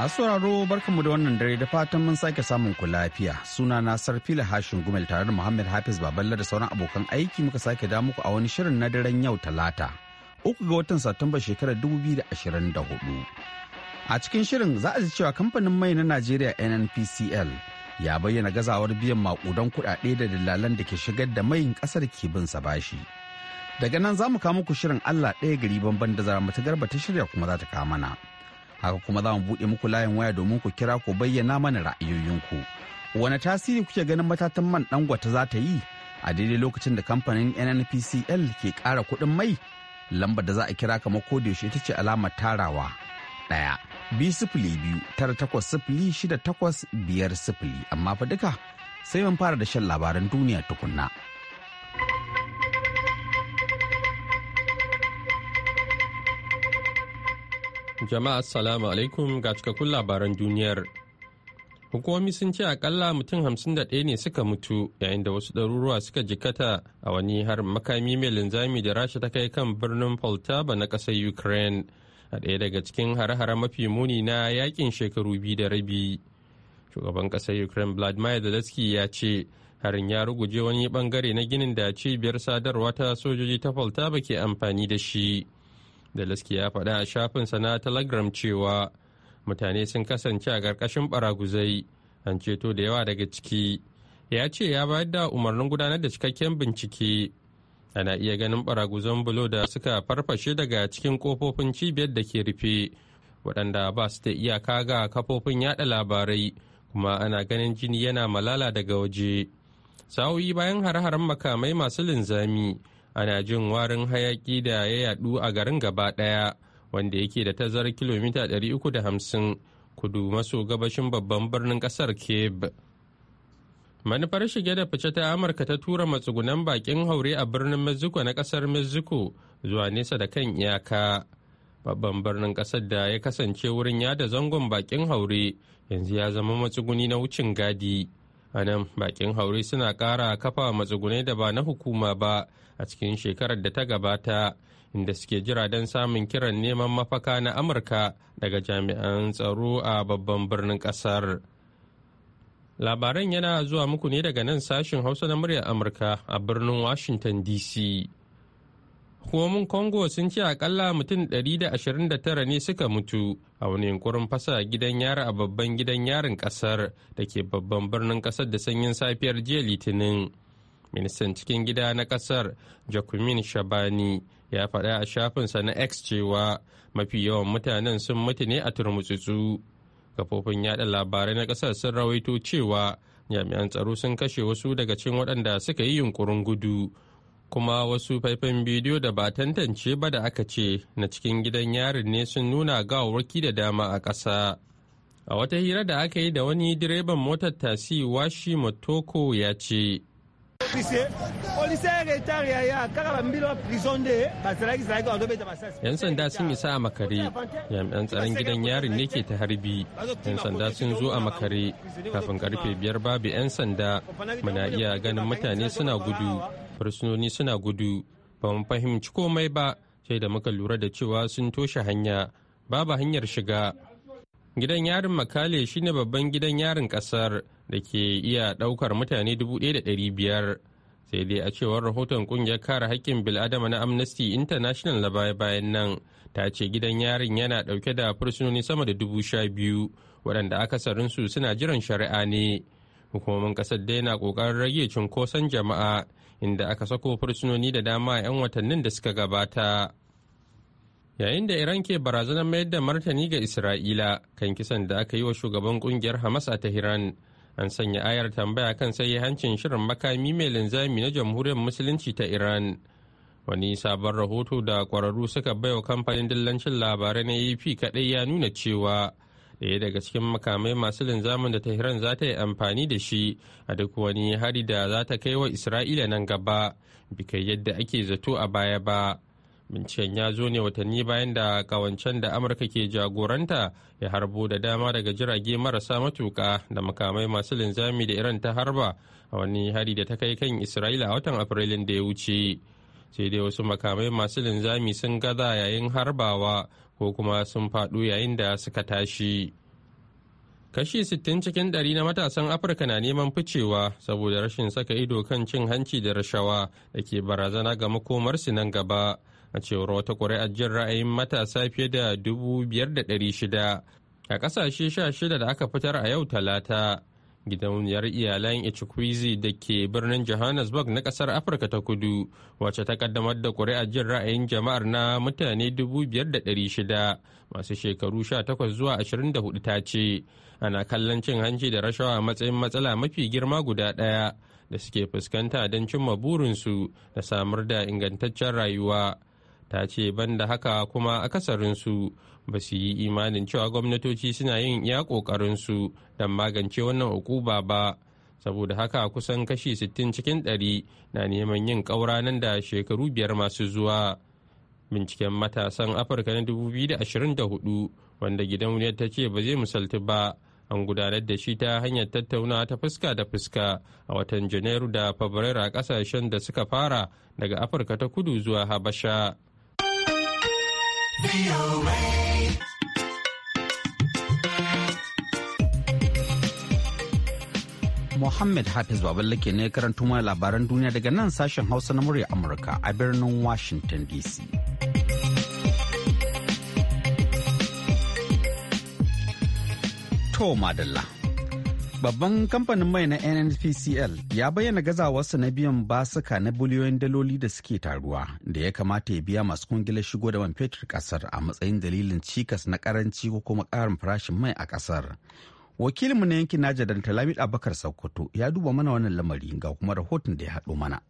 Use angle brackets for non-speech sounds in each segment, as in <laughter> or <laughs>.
Masu sauraro barkanmu da wannan dare da fatan mun sake samun ku lafiya. Suna na Sarfila Hashin Gumel tare da Muhammad Hafiz Baballa da sauran abokan aiki muka sake da muku a wani shirin na daren yau Talata. Uku ga watan Satumba shekarar dubu da da ashirin 2024. A cikin shirin za a ji cewa kamfanin mai na Najeriya NNPCL ya bayyana gazawar biyan makudan kuɗaɗe da dillalan da ke shigar da mayin ƙasar ke bin sa bashi. Daga nan za mu kawo muku shirin Allah ɗaya gari banban da zara garba ta shirya kuma za ta kama mana. haka kuma za mu buɗe muku layin waya domin ku kira ku bayyana mana ra'ayoyinku wani tasiri kuke ganin matatan man dangwata za ta yi a daidai lokacin da kamfanin nnpcl ke ƙara kuɗin mai lambar da za a kira kamar ko da ita ce alamar tarawa ɗaya bi sifili biyu tara takwas sifili shida takwas biyar sifili amma fa duka sai mun fara da shan labaran duniya tukunna. Jama'a Assalamu alaikum ga cikakkun labaran duniyar. Hukumomi sun ce akalla mutum hamsin da ɗaya ne suka mutu yayin da wasu ɗaruruwa suka jikata a wani har makami mai linzami da rasha ta kai kan birnin Poltava na ƙasar Ukraine a ɗaya daga cikin hare-hare mafi muni na yakin shekaru biyu da rabi. Shugaban ƙasar Ukraine Vladimir Zelensky ya ce harin ya ruguje wani bangare na ginin da cibiyar sadarwa ta sojoji ta Poltava ke amfani da shi. da laski ya faɗa a shafin na Telegram cewa mutane sun kasance a ƙarƙashin baraguzai an ceto da yawa daga ciki. Ya ce ya bayar da umarnin gudanar da cikakken bincike. Ana iya ganin baraguzan bulo da suka farfashe daga cikin kofofin cibiyar da ke rufe waɗanda ba su da iyaka ga kafofin yaɗa labarai kuma ana ganin jini yana malala daga waje. Sa'o'i bayan har-haren makamai masu linzami ana jin warin hayaki da ya yadu a garin gaba daya wanda yake da tazar kilomita 350 kudu maso gabashin babban birnin kasar cape manufar shige da fice ta amurka ta tura matsugunan bakin haure a birnin mexico na kasar mexico zuwa nesa da kan iyaka babban birnin kasar da ya kasance wurin yada zangon bakin haure yanzu ya zama matsuguni na wucin gadi a nan bakin haure suna kara kafa matsugunai da ba na hukuma ba a cikin shekarar da ta gabata inda suke jira don samun kiran neman mafaka na amurka daga jami'an tsaro a babban birnin kasar. labaran yana zuwa muku ne daga nan sashin hausa na muryar amurka a birnin washington dc hukumomin congo sun ce akalla mutum 129 ne suka mutu a wani yunkurin fasa gidan yari a babban gidan yarin kasar da ke babban birnin kasar da sanyin safiyar jiya litinin ministan cikin gida na kasar jakumin shabani ya faɗa a shafinsa na x cewa mafi yawan mutanen sun mutu ne a turmutsutsu kafofin yada labarai na kasar sun rawaito cewa jami'an tsaro sun kashe wasu daga cikin waɗanda suka yi yunkurin gudu kuma wasu faifan bidiyo da ba tantance ba da aka ce na cikin gidan yarin ne sun nuna gawarki da dama a ƙasa a wata hira da aka yi da wani direban motar tasi washi motoko ya ce yan sanda sun isa a makare jami'an tsaron gidan yarin ne ke ta harbi yan sanda sun zo a makare kafin karfe biyar babu yan sanda muna iya ganin mutane suna gudu fursunoni suna gudu ba mu fahimci komai ba sai da muka lura da cewa sun toshe hanya babu hanyar shiga gidan yarin makale shine babban gidan yarin kasar da ke iya daukar mutane 1,500 sai dai a cewar rahoton kungiyar kare haƙƙin bil'adama na amnesty international na baya-bayan nan ta ce gidan yarin yana dauke da fursunoni sama da dubu sha biyu waɗanda akasarinsu suna jiran shari'a ne hukumomin ƙasar dai na ƙoƙarin rage cunkoson jama'a inda aka sako fursunoni da dama a 'yan watannin da suka gabata yayin da iran ke barazanar mayar da martani ga isra'ila kan kisan da aka yi wa shugaban kungiyar hamas a tehran an sanya ayar tambaya kan sai hancin shirin makami mai linzami na jamhuriyar musulunci ta iran wani sabon rahoto da kwararru suka bai wa kamfanin dillancin labarai na ap kaɗai ya nuna cewa ɗaya daga cikin makamai masu linzamin da tehran za ta yi amfani da shi a duk wani hari da za ta kai wa isra'ila nan gaba bikai yadda ake zato a baya ba binciken ya zo ne watanni bayan da kawancen da amurka ke jagoranta ya harbo da dama daga jirage marasa matuka da makamai masu linzami da iran ta harba a wani hari da ta kai kan isra'ila a watan afrilun da ya wuce sai dai wasu makamai masu linzami sun gaza yayin harbawa ko kuma sun faɗo yayin da suka tashi kashi sittin cikin ɗari na matasan afirka na neman ficewa saboda rashin saka ido kan cin hanci da rashawa da ke barazana ga makomarsu nan gaba a cewar wata ƙuri'ar jin ra'ayin matasa fiye da dubu biyar da ɗari shida a ƙasashe sha shida da aka fitar a yau talata gidauniyar iyalan Ichikwizi da ke birnin Johannesburg na kasar Afirka ta kudu wacce ta kaddamar da kuri'a jin ra'ayin jama'ar na mutane 5,600 masu shekaru 18 zuwa 24 ta ce ana kallon cin hanci da rashawa a matsayin matsala mafi girma guda ɗaya da suke fuskanta don cimma burinsu da samar da ingantaccen rayuwa. ta ce banda haka kuma akasarinsu ba su yi imanin cewa gwamnatoci suna yin iya su don magance wannan ukuba ba saboda haka kusan kashi 60 cikin 100 na neman yin ƙaura nan da shekaru biyar masu zuwa binciken matasan afirka na 2024 wanda gidan wuniyar ta ce ba zai misalti ba an gudanar da shi ta hanyar tattaunawa ta fuska da fuska a watan janairu da fabrairu a kasashen da suka fara daga afirka ta kudu zuwa habasha Muhammad Hafiz Baballake ne karanto ma labaran duniya daga nan sashen Hausa na murya Amurka a birnin Washington DC. To madalla. Babban kamfanin mai na NNPCL ya bayyana gazawarsa na biyan basuka na biliyoyin daloli da suke taruwa da ya kamata ya biya masu kungilar shigo da man fetur kasar a matsayin dalilin cikas na karanci ko kuma karin farashin mai a kasar. Wakilinmu na yankin Najar da Talamid Abakar Sokoto ya duba mana wannan lamari ga kuma rahoton da ya haɗo mana.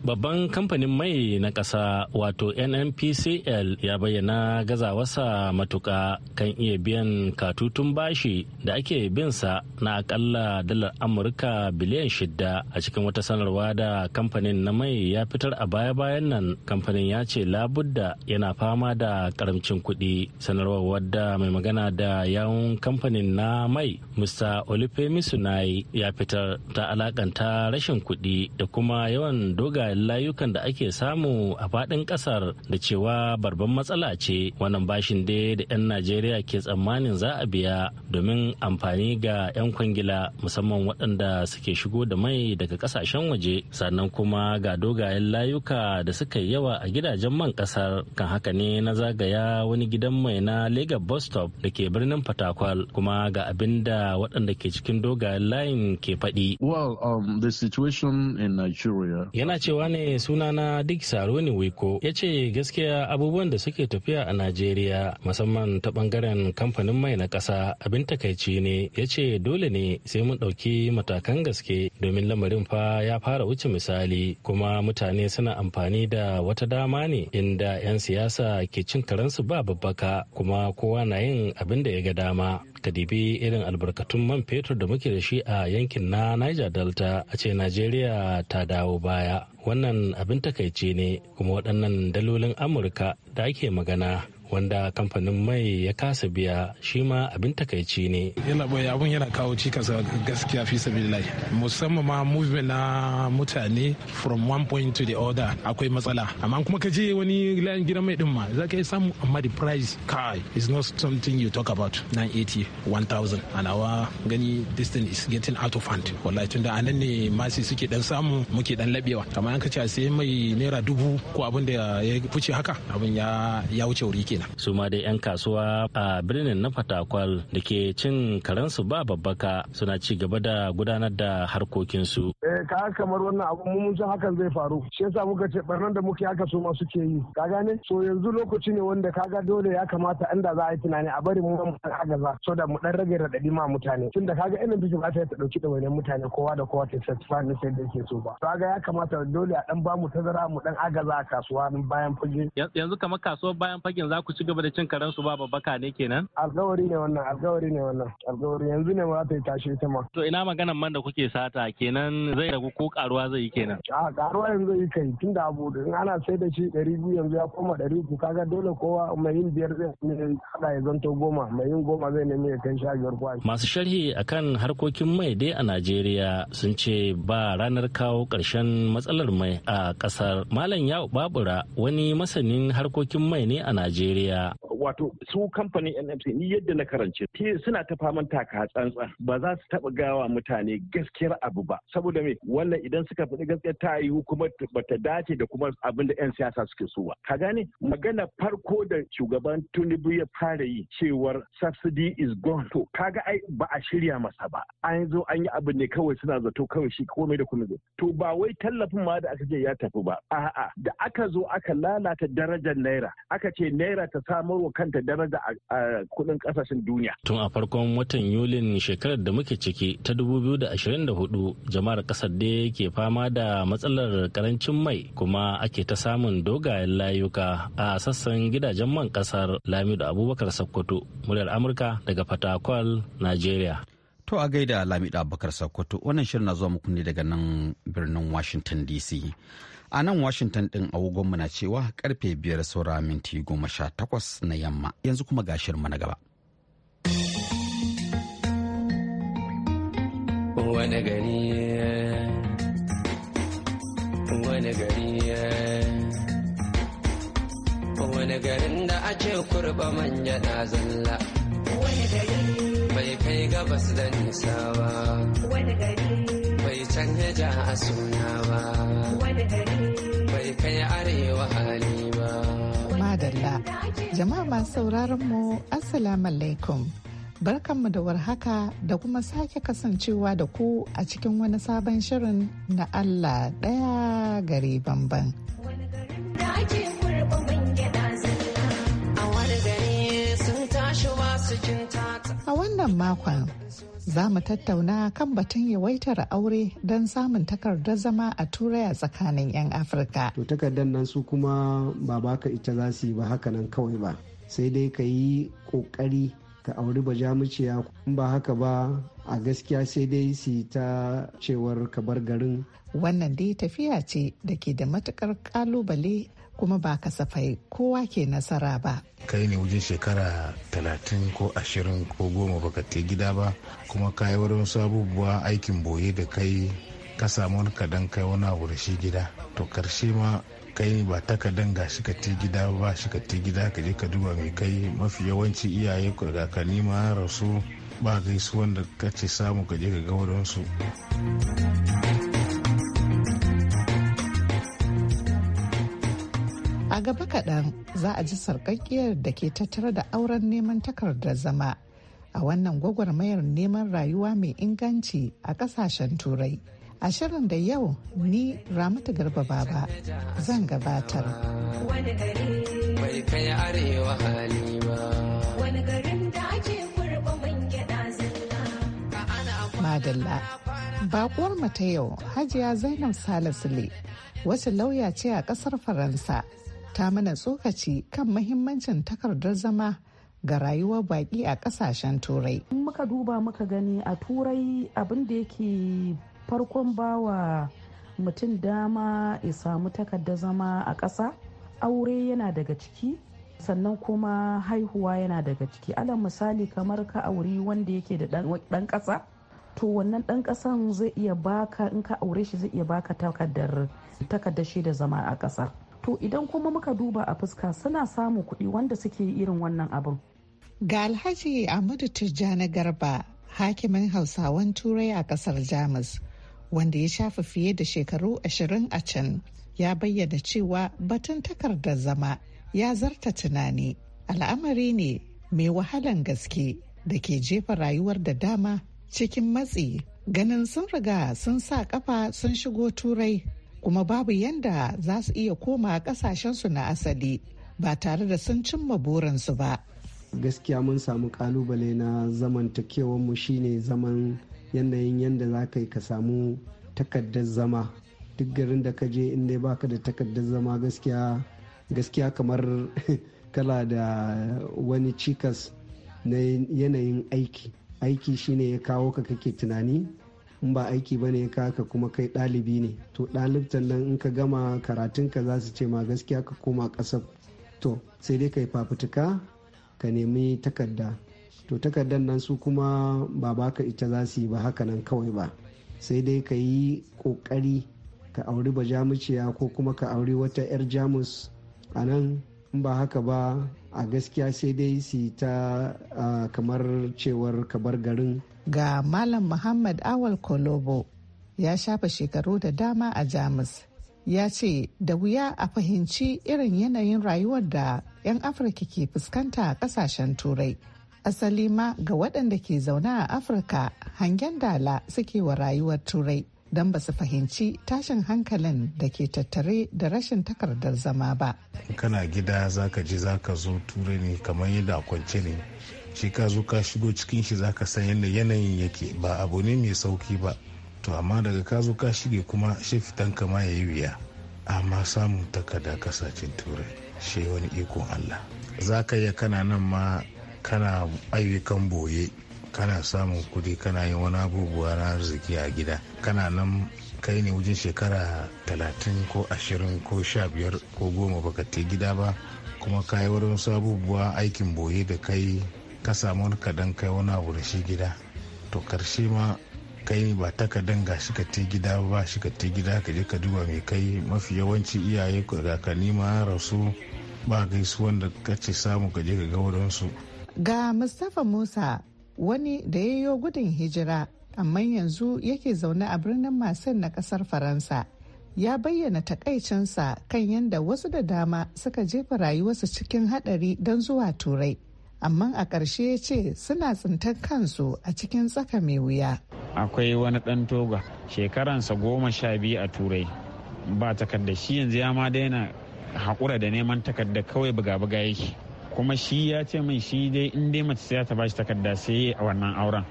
Babban kamfanin mai na ƙasa wato NNPCL ya bayyana gazawarsa matuƙa kan iya biyan katutun bashi da ake bin sa na akalla dalar Amurka biliyan shida a cikin wata sanarwa da kamfanin na mai ya fitar a baya-bayan nan kamfanin ya ce labudda yana fama da karamcin kuɗi sanarwar wadda mai magana da yawun kamfanin na mai Mr. Olufemi Sunai ya fitar ta alakanta rashin kuɗi da kuma yawan dogaye tsarin layukan da ake samu a faɗin ƙasar da cewa barban matsala ce wannan bashin dai da 'yan najeriya ke tsammanin za a biya domin amfani ga 'yan kwangila musamman waɗanda suke shigo da mai daga ƙasashen waje sannan kuma ga dogayen layuka da suka yi yawa a gidajen man ƙasar kan haka ne na zagaya wani gidan mai na lagos bus stop da ke birnin fatakwal kuma ga abin da waɗanda ke cikin dogayen layin ke faɗi. Well, um, the situation in Nigeria. Yana cewa arewa ne sunana Dick Saroni Wiko ya ce gaskiya abubuwan da suke tafiya a Najeriya musamman ta bangaren kamfanin mai na ƙasa abin takaici ne ya ce dole ne sai mun ɗauki matakan gaske domin lamarin fa ya fara wuce misali kuma mutane suna amfani da wata dama ne inda 'yan siyasa ke cin karensu ba babbaka kuma kowa na yin abin da ya ga dama kadibi irin albarkatun man fetur da muke da shi a yankin na niger delta a ce najeriya ta dawo baya wannan abin takaice ne kuma waɗannan dalolin amurka da ake magana wanda kamfanin mai ya kasa biya shi ma abin takaici ne yana boye abun yana kawo cikas gaskiya fi sabilillahi musamman ma movement na mutane from one point to the other akwai matsala amma kuma ka je wani layin gidan mai din ma za ka yi samu amma the price kai is not something you talk about 980 1000 an awa gani distance is getting out of hand wallahi da anan ne masi suke dan samu muke dan labewa amma an ka ce sai mai naira dubu ko abin da ya fice haka abin ya wuce wuri ke kenan su ma dai 'yan kasuwa a birnin na fatakwal da ke cin karensu ba babbaka suna ci gaba da gudanar da harkokinsu eh ka kamar wannan abu mun san hakan zai faru shi yasa muka ce barnan da muke haka su ma suke yi ka gane so yanzu lokaci ne wanda kaga dole ya kamata inda za a yi tunani a bari mu mu agaza so da mu dan rage radadi ma mutane tunda kaga irin bisu ba ta dauki da wani mutane kowa da kowa ta satisfy ne sai da yake so ba kaga ya kamata dole a dan ba mu tazara mu dan agaza a kasuwa bayan fage yanzu kamar kasuwar bayan fagen za ku ci gaba da cin karen su ba babbaka ne kenan alkawari ne wannan alkawari ne wannan alkawari yanzu ne ba ta yi tashi ita ma to ina maganan man da kuke sata kenan zai ragu ko karuwa zai yi kenan a karuwa yanzu zai yi kai da abu in ana sai da shi ɗari biyu yanzu ya koma ɗari uku kaga dole kowa mai yin biyar zai ne haɗa ya zanto goma mai yin goma zai nemi ya kai sha biyar kwa masu sharhi akan harkokin mai dai a najeriya sun ce ba ranar kawo ƙarshen matsalar mai a ƙasar malam ya babura wani masanin harkokin mai ne a najeriya Maria. wato su kamfanin nfc ni yadda na karance suna ta faman taka tsantsan ba za su taba gawa mutane gaskiyar abu ba saboda me wannan idan suka faɗi gaskiyar ta yi kuma bata dace da kuma abin da 'yan siyasa suke so ba ka gane magana farko da shugaban tunibu ya fara yi cewar subsidy is gone to kaga ai ba a shirya masa ba an zo an yi abin ne kawai suna zato kawai shi komai da kuma. to ba wai tallafin ma da aka ce ya tafi ba a'a da aka zo aka lalata darajar naira aka ce naira ta samarwa. kanta daraja a kudin kasashen duniya. Tun a farkon watan Yulin shekarar da muke ciki ta 2024 jama'ar kasar da ke fama da matsalar karancin mai kuma ake ta samun dogayen layuka a sassan gidajen man kasar Lamido Abubakar Sokoto muryar Amurka daga Fatakwal, Najeriya. To a gaida Lamido Abubakar Sokoto wannan shirin na zuwa muku ne daga nan birnin Washington DC. a nan washington din agogonmu na cewa karfe biyar saura minti goma sha takwas na yamma yanzu kuma ga shirma na gaba wani gari wani gari wani garin da ake kurba manya na zalla wani gari bai kai gabas da nisa ba wani gari bai canja ja a suna ba bai kai arewa hali ba madalla jama'a masu sauraron mu assalamu alaikum barkanmu da warhaka da kuma sake kasancewa da ku a cikin wani sabon shirin na Allah ɗaya gari banban. A wannan makon za mu tattauna kan batun yawaitar aure don samun takardar zama a turai a tsakanin 'yan afirka to takardar nan su kuma ba baka ita za su yi ba haka nan kawai ba sai dai ka yi kokari ka auri ba bajamuciya in ba haka ba a gaskiya sai dai su ta cewar ka bar garin wannan dai tafiya ce da ke da matukar kalubale kuma ba kasafai kowa ke nasara ba. kai ne wajen shekara talatin ko ashirin ko goma baka te gida ba kuma ka yi wani abubuwa aikin boye da kai ka samu wani kadan kai wani abu da shi gida to karshe ma kai ba takadan ga shi ka te gida ba shi ka te gida ka je ka duba mai kai mafi yawanci iyaye ka ma rasu ba gaisuwan da ce samu ka je ka ga wadansu. A gaba kaɗan za a ji sarƙaƙƙiyar da ke tattare da auren neman takardar zama a wannan gwagwarmayar neman rayuwa mai inganci a ƙasashen turai. A shirin da yau ni Ramatu Garba Baba zan gabatar. Madalla. Bakuwar mata ta yau Hajiya Zainab Salisu ne, wasu lauya ce a ƙasar Faransa ta mana tsokaci kan mahimmancin takardar zama ga rayuwar baƙi a ƙasashen turai. muka duba muka gani a turai abin da yake farkon bawa mutum dama ya samu takardar zama a ƙasa aure yana daga ciki sannan kuma haihuwa yana daga ciki ala misali kamar ka auri wanda yake da ɗan ƙasa to wannan ɗan ƙasan zai iya baka in ka aure shi zai iya baka takardar takardar shi da zama a ƙasa to idan kuma muka duba a fuska suna samun kuɗi wanda suke irin wannan abin ga alhaji ahmadu tijjani garba hakimin hausawan turai a kasar jamus wanda ya shafi fiye da shekaru ashirin a can ya bayyana cewa batun takardar zama ya zarta tunani al'amari ne mai wahalan gaske da ke jefa rayuwar da dama cikin matsi ganin sun riga sun sa kafa sun shigo turai kuma babu yadda za su iya koma kasashensu na asali ba tare da sun cimma burinsu ba. Gaskiya mun samu kalubale na mu shine zaman yanayin yanda za ka yi ka samu takardar zama. Duk garin da ka je inda ka da takardar zama gaskiya gaskiya kamar <laughs> kala da wani cikas na yanayin aiki. Aiki shine ya kawo ka kake tunani in ba aiki ba ne ka kuma kai ɗalibi ne to ɗalibtan nan in ka gama karatunka za su ce ma gaskiya ka koma ƙasar to sai dai ka yi fafutuka ka nemi takarda to takardar nan su kuma ba baka ita za su yi ba haka nan kawai ba sai dai ka yi ƙoƙari ka auri bajamuciya ko kuma ka auri wata 'yar jamus a nan in ba haka ba a gaskiya sai dai su ta kamar cewar kabar garin ga malam muhammad awal kolobo ya shafa shekaru da dama a jamus ya ce da wuya a fahimci irin yanayin rayuwar da 'yan afirka ke fuskanta a kasashen turai asali ma ga waɗanda ke zaune a afirka hangen dala suke wa rayuwar turai don ba su fahimci tashin hankalin da ke tattare da rashin takardar zama ba. kana gida za ka ji za ka zo ture ne kamar yadda kwance ne shi ka zo ka shigo cikin shi za ka san yadda yanayin yake ba abu ne mai sauki ba to amma daga ka zo ka shige kuma shi fitan kama ya yi wuya amma samun takarda kasashen turai shi wani ikon allah za ka iya kana nan ma kana ayyukan boye kana samun kudi kana yin wani abubuwa na arziki a gida kana nan kai ne wajen shekara talatin ko ashirin ko 15 ko goma baka te gida ba kuma ka yi wani abubuwa aikin boye da kai ka samu wani kadan kai wani abu da shi gida to karshe ma kai ba takardan ga shi ka te gida ba shi ka te gida ka je ka duba mai kai mafi yawanci iyaye ka ma rasu ba gaisuwan da kace samu ka je ka ga wurinsu ga mustapha musa wani da ya yi gudun hijira amma yanzu yake zaune a birnin masin na kasar faransa ya bayyana takaicinsa kan yadda wasu da dama suka jefa rayuwarsu cikin hadari don zuwa turai amma a ƙarshe ya ce suna tsintar kansu a cikin tsaka mai wuya akwai wani ɗan toga shekaransa goma sha biyu a turai ba takarda shi yanzu ya ma daina haƙura da neman takarda kawai buga-buga yake kuma shi ya ce min shi dai in dai mace sai ta bashi takarda sai a wannan auren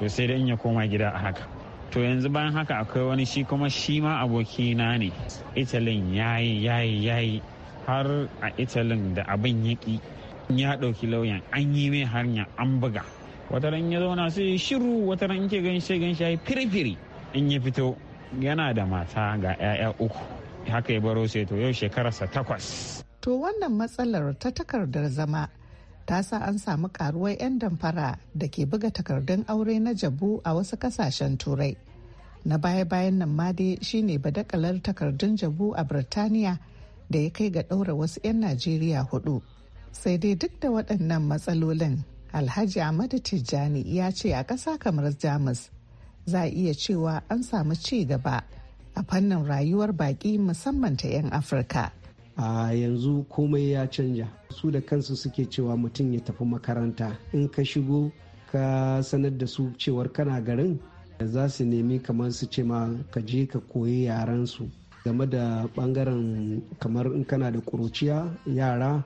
to sai dai in ya koma gida a haka to yanzu bayan haka akwai wani shi kuma shi ma abokina ne italin yayi yayi yayi har a italin da abin yaki ya ɗauki lauyan an yi mai hanya an buga wata ran ya zauna sai shiru wata ran ke gan shi gan shi firifiri in ya fito yana da mata ga 'ya'ya uku haka ya baro sai to yau shekararsa takwas to wannan matsalar ta takardar zama ta sa an samu karuwar 'yan damfara da ke buga takardun aure na jabu a wasu kasashen turai na baya-bayan nan ma dai shine badakalar takardun jabu a birtaniya da ya kai ga ɗaura wasu 'yan najeriya hudu sai dai duk da waɗannan matsalolin alhaji ahmadu tijjani ya ce a ƙasa kamar jamus za a iya cewa an samu ci gaba a fannin rayuwar baƙi musamman ta 'yan afirka a yanzu komai ya canja su da kansu suke cewa mutum ya tafi makaranta in ka shigo ka sanar da su cewar kana garin za su nemi kamar su ce ma ka je ka koyi yaran su game da bangaren kamar in kana da kuruciya yara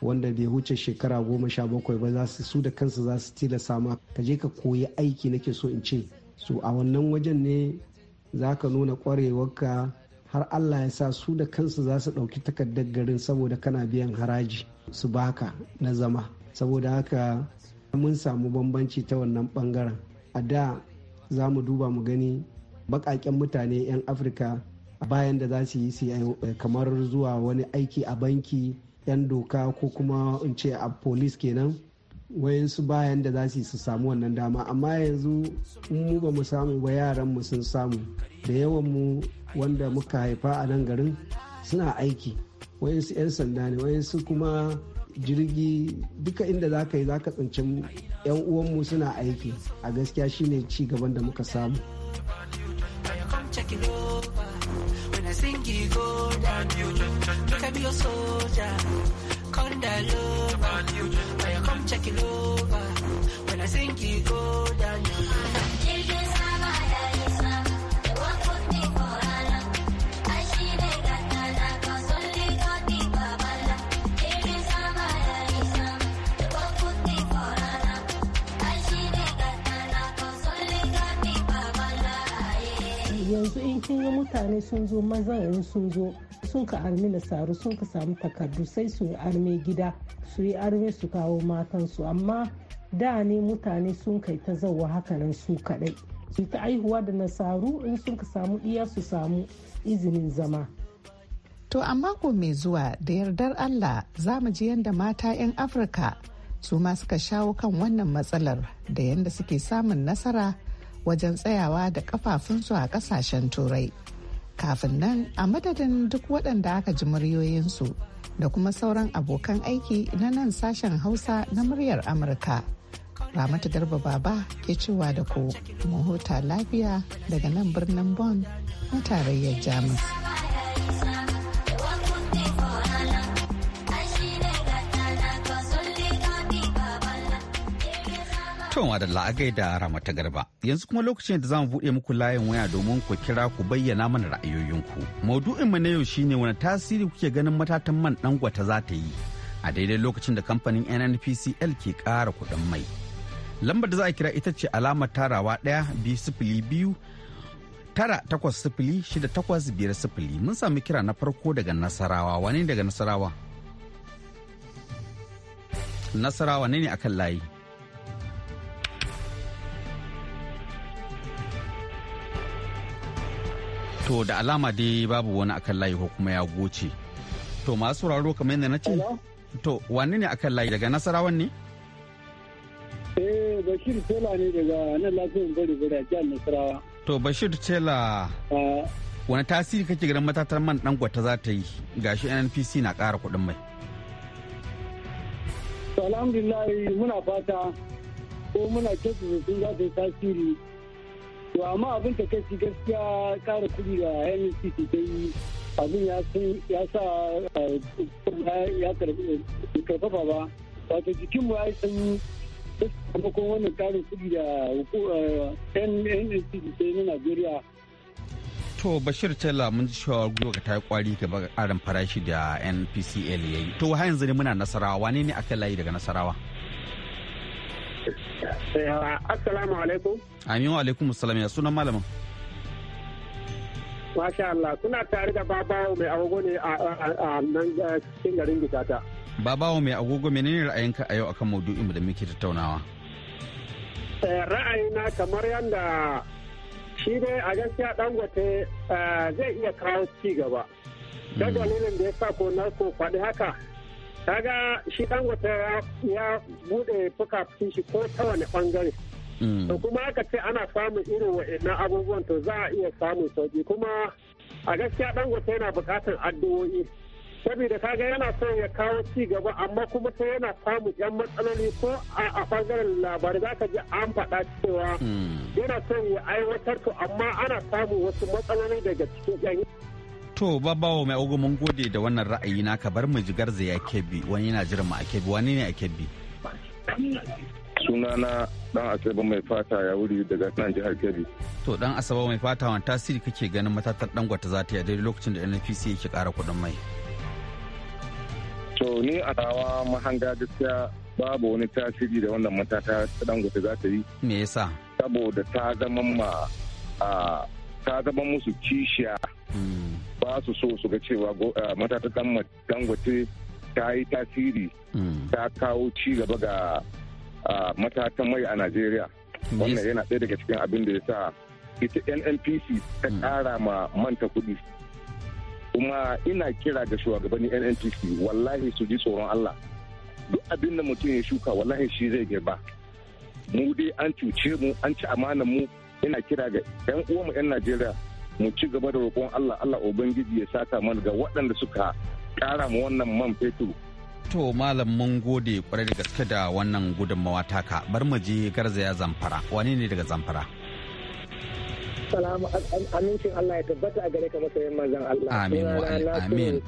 wanda bai wuce shekara goma sha bakwai ba za su su da kansu za su tilasta ma ka je ka koyi aiki nake so in ce Su a wannan wajen ne za ka nuna kwarewarka har allah ya sa su da kansu za su ɗauki takardar garin saboda kana biyan haraji su baka na zama saboda haka mun samu bambanci ta wannan bangaren a da za mu duba mu gani baƙaƙen mutane 'yan afirka bayan da za su yi su eh, kamar zuwa wani aiki a banki 'yan doka ko kuma in ce a polis kenan wayansu bayan da za su su samu wannan dama amma yanzu mu ba mu samu ba yaran mu sun samu da yawan mu wanda muka haifa a nan garin suna aiki wayansu 'yan sanda ne wayansu kuma jirgi duka inda za ka yi za ka tsinci 'yan uwanmu suna aiki a gaskiya shine ci gaban da muka samu Come down yanzu in kin yi mutane sun zo maza sun zo sun ka armi na saru sun ka samu takardu sai su armi gida su yi arwe su kawo matansu amma da ne mutane sun kai ta zauwa hakanan su kadai su ta aihuwa da nasaru in sun ka samu iya su samu izinin zama to a mako mai zuwa da yardar allah za mu ji yadda mata 'yan afirka su ma suka shawo kan wannan matsalar da yadda suke samun nasara wajen tsayawa da kafafunsu a kasashen turai kafin nan a madadin duk waɗanda aka ji muryoyinsu da kuma sauran abokan aiki na nan sashen Hausa na muryar Amurka. Ramatu Garba Baba ke cewa da ku mu huta lafiya daga nan birnin Bonn na tarayyar Jamus. Tom madalla a gaida rama ta garba yanzu kuma lokacin da zamu buɗe muku layin waya domin ku kira ku bayyana mana ra'ayoyinku. Maudu'in mu na yau shine wani tasiri kuke ganin matatan man dangwata za ta yi a daidai lokacin da kamfanin NNPCL ke ƙara kuɗin mai. Lambar da za a kira ita ce alamar tarawa ɗaya biyu sifili biyu tara takwas sifili shida takwas biyar sifili mun sami kira na farko daga Nasarawa wani daga Nasarawa. Nasarawa ne ne akan layi. To da alama dai babu wani akan layi ko kuma ya goce. To masu sauraro kamar yadda na ce? To wani ne akan layi daga nasarawan ne? Eh Bashir Tela ne daga nan lafiyan bari bari a jihar Nasarawa. To Bashir Tela ah. wani tasiri kake ganin matatar man dan gwata za ta yi gashi NNPC na ƙara kuɗin mai. Alhamdulillah muna fata ko muna kyautu sun za ta yi tasiri to amma abin ta kai gaskiya kara kuɗi da C sosai abin ya sa eh, ya karfafa ba wato jikinmu ya yi sanyi sakamakon wannan kare kuɗi da eh, NNC sosai na Najeriya to bashir tela mun ji cewa gwiwa ta yi kwari ga karin farashi da npcl ya yi to har yanzu ne muna nasarawa wane ne aka layi daga nasarawa Assalamu alaikum. Amin wa alaikum assalam ya sunan malama Masha Allah, kuna tare da babawo mai agogo ne a nan cikin garin Gitata. Babawo mai agogo menene ra'ayinka a yau akan maudu'in da muke tattaunawa? Eh, ra'ayina kamar yadda shi dai a gaskiya dangote eh, zai iya kawo ci gaba. Ta hmm. dalilin da ya sa ko na ko faɗi haka kaga shi dangote ya bude fuka-fukin shi ko ta wani bangare mm. to kuma aka ce ana samun irin wa'annan abubuwan to za a iya samun sauki kuma a gaskiya dangote yana bukatan addu'o'i saboda kaga yana so ya kawo ci gaba amma kuma sai yana samun yan matsaloli ko a bangaren labarai za ka ji an faɗa cewa mm. yana so ya aiwatar to amma ana samun wasu matsaloli daga cikin yan To babawo mai ogo mun gode da wannan ra'ayi ka bar mu jigar zaya kebbi wani yana jiran mu a kebbi wani ne a kebbi. Sunana dan asaba mai fata ya wuri daga nan jihar kebbi. To dan asaba mai fata wani tasiri kake ganin matatar dangwata za ta yi daidai lokacin da NPC yake kara kuɗin mai. To ni a rawa mahanga gaskiya babu wani tasiri da wannan matata ta dangwata za ta yi. Me yasa? Saboda ta zama ma ta zama musu kishiya. Hmm. ba su so su ga cewa eh, matakan dangote ta yi tasiri hmm. ta kawo ci gaba ga matakan mai a najeriya wannan yana ɗaya daga cikin abin da ya sa ita nnpc ta hmm. ƙara ma manta kuɗi kuma ina kira ga shugabanni nnpc wallahi su ji tsoron allah duk abin da mutum ya shuka wallahi shi zai girba mu dai an cuce mu an ci amanan mu ina kira ga 'yan uwanmu 'yan najeriya mu ci gaba da roƙon Allah Allah ubangiji ya saka mana ga waɗanda suka ƙara mu wannan man fetur to malam mun gode kwarai da gaske da wannan gudunmawa taka bar mu je garzaya zamfara wane ne daga zamfara salamu amincin Allah ya tabbata a gare ka masoyin manzon Allah amin wa amin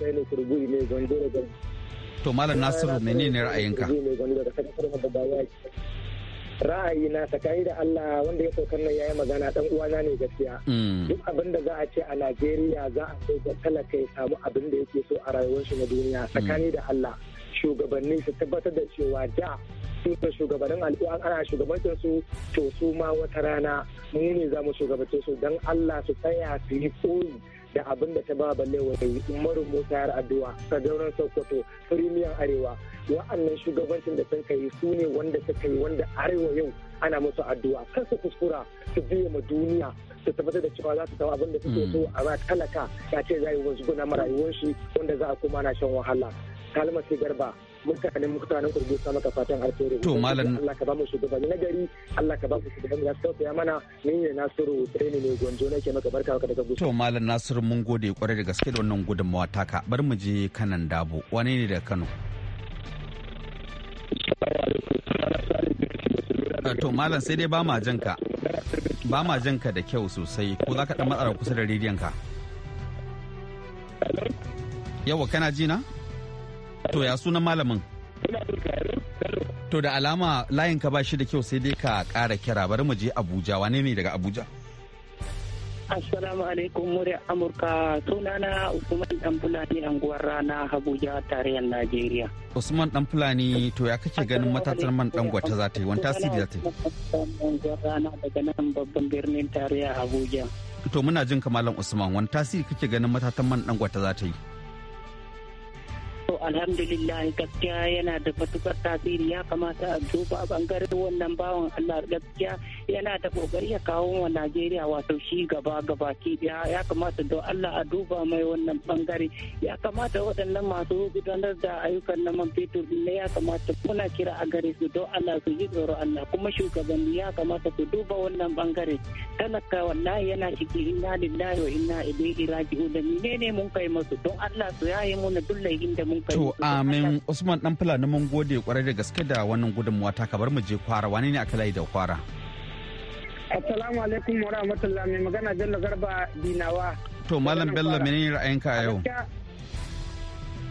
to malam nasiru menene ra'ayinka ra'ayi na tsakani da Allah wanda ya saukar nan yayi magana dan uwana ne gaskiya mm. duk abin da za a ce a Najeriya za a so ga talaka ya samu abin da yake so a rayuwar shi na duniya tsakani da Allah shugabanni su tabbatar da cewa da su da shugabannin al'uwa ana shugabancin su to su ma wata rana mu ne za mu shugabance su don Allah su tsaya su yi koyi da abin da ta ba balle wani umaru musa yar addu'a sadauran sokoto firimiyar arewa wa'annan shugabancin da suka yi su ne wanda suka yi wanda arewa yau ana musu addu'a kar su kuskura su biye ma duniya su tabbatar da cewa za su samu abin da suke so mm. a ba talaka ya ce za yi wasu guna marayuwar shi wanda za a koma na shan wahala kalmar garba mutanen mutanen kurgu sama maka fatan alheri to malam Allah ka ba mu shugabanni na gari Allah ka ba mu shugabanni ya tausaya mana ni ne Nasiru Treni ne gonjo nake maka barka ka daga gusu to malam Nasiru mun gode kwarai da gaske da wannan gudunmawa taka bar mu je kanan dabo wane ne da Kano ah, to malam sai dai ba ma jinka ba ma jinka da kyau sosai ko za ka dan matsara kusa da rediyon ka yawa kana ji na To ya sunan malamin? To da alama layin ka bashi da kyau sai dai ka ƙara kira bari mu je Abuja wane ne daga Abuja? Assalamu alaikum murya Amurka sunana Usman Dan Fulani anguwar rana Abuja tarayyar Najeriya. Usman Dan Fulani to ya kake ganin matatar man dangwata za ta yi wani tasiri za ta yi? daga nan babban birnin tarayya Abuja. To muna jin kamalan Usman wani tasiri kake ganin matatar man dangwata za ta yi? to alhamdulillah gaskiya yana da matukar tasiri ya kamata a duba a bangaren wannan bawan allah gaskiya yana da kokari ya kawo wa najeriya wato shi gaba gaba ki ya kamata don allah a duba mai wannan bangare ya kamata waɗannan masu gudanar da ayyukan na man fetur ne ya kamata kuna kira a gare su don allah su yi tsoro allah kuma shugabanni ya kamata su duba wannan bangare talaka wallahi yana ciki inna lillahi wa inna ilaihi raji'un da ne ne mun kai masu don allah su yaye mu na dullahin da mun kai to amin usman dan fulani mun gode kwarai da gaske da wannan gudunmuwa ta kabar mu je kwara wani ne aka layi da kwara Assalamu alaikum wa rahmatullahi mai magana Bello Garba Dinawa. To Malam Bello menene ra'ayinka a yau?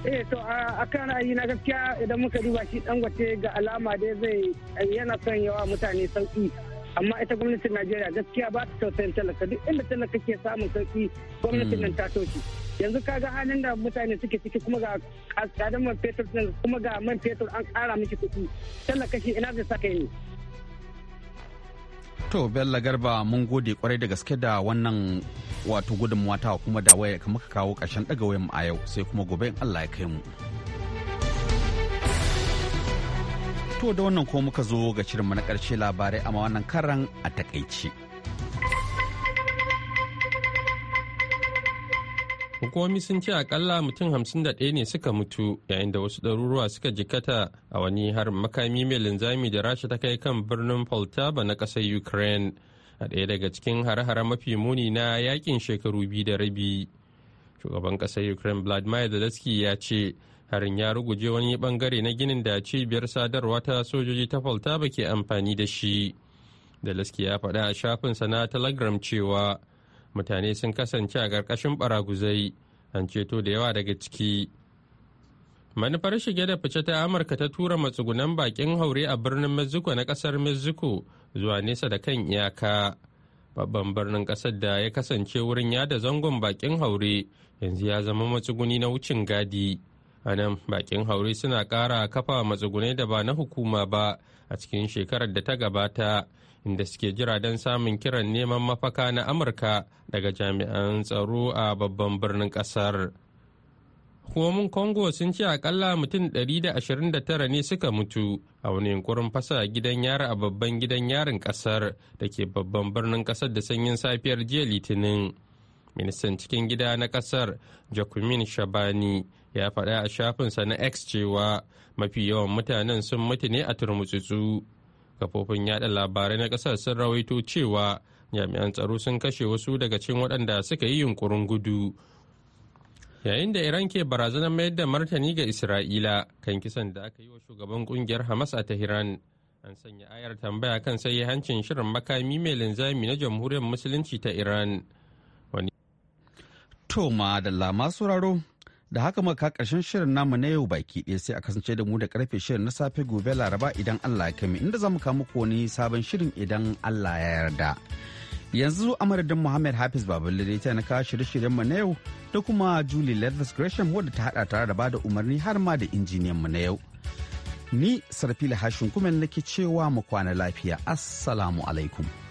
Eh to a kan ra'ayi na gaskiya idan muka duba shi dan wace ga alama dai zai eh, yana son yawa mutane sauki. amma ita gwamnatin najeriya gaskiya ba ta tausayin talaka duk inda talaka ke samun sauki gwamnatin nan ta toshe. yanzu kaga halin da mutane suke ciki kuma ga kadan man fetur kuma ga man fetur an kara miki kuɗi talaka shi ina zai saka ne To bella Garba mun gode kwarai da gaske da wannan wato gudunmuwa ta kuma da waya ka kawo ƙarshen ɗaga wayan a yau sai kuma gobe in Allah ya kai mu. To da wannan ko muka zo ga mu na ƙarshe labarai amma wannan karan a takaice hukumomi sun ce akalla mutum hamsin da ɗaya ne suka mutu yayin da wasu ɗaruruwa suka jikata a wani har makami mai linzami da rasha ta kai kan birnin poltava na ƙasar ukraine a ɗaya daga cikin hare-hare mafi muni na yakin shekaru biyu da rabi shugaban ƙasar ukraine vladimir zelensky ya ce harin ya ruguje wani bangare na ginin da cibiyar sadarwa ta sojoji ta poltava ke amfani da shi zelensky ya faɗa a shafinsa na telegram cewa mutane sun kasance a ƙarƙashin baraguzai an ceto da yawa daga ciki manufar shige da fice ta amurka ta tura matsugunan bakin haure a birnin mexico na ƙasar mexico zuwa nesa da kan iyaka babban birnin ƙasar da ya kasance wurin yada zangon bakin haure yanzu ya zama matsuguni na wucin gadi a nan bakin haure suna ƙara kafa matsugunai da ba na hukuma ba a cikin shekarar da ta gabata inda suke jira don samun kiran neman mafaka na amurka daga jami'an tsaro a babban birnin kasar hukumomin congo sun ce akalla mutum 129 ne suka mutu a wani yunkurin fasa gidan yari a babban gidan yarin kasar da ke babban birnin kasar da sanyin safiyar jiya litinin ministan cikin gida na kasar jakumin shabani ya faɗa a shafinsa na x cewa mafi yawan mutanen sun mutu ne a turmutsutsu kafofin yada labarai na kasar sun rawaito cewa jami'an tsaro sun kashe wasu daga cikin waɗanda suka yi yunkurin gudu yayin da iran ke barazanar mayar da martani ga isra'ila kan kisan da aka yi wa shugaban kungiyar hamas a tehran an sanya ayar tambaya kan sai hancin shirin makami mai linzami na jamhuriyar musulunci ta iran to da lama sauraro da haka muka karshen shirin namu na yau baki ɗaya sai a kasance da mu da karfe shirin na safe gobe laraba idan allah ya kaimu inda zamu kawo muku wani sabon shirin idan allah ya yarda yanzu amaradin muhammad hafiz baballe ne ta na kawo shirye-shiryen mu na yau da kuma julie leathers gresham wadda ta hada tare da bada umarni har ma da injiniyan mu na yau ni sarfila hashin kuma nake cewa mu kwana lafiya assalamu alaikum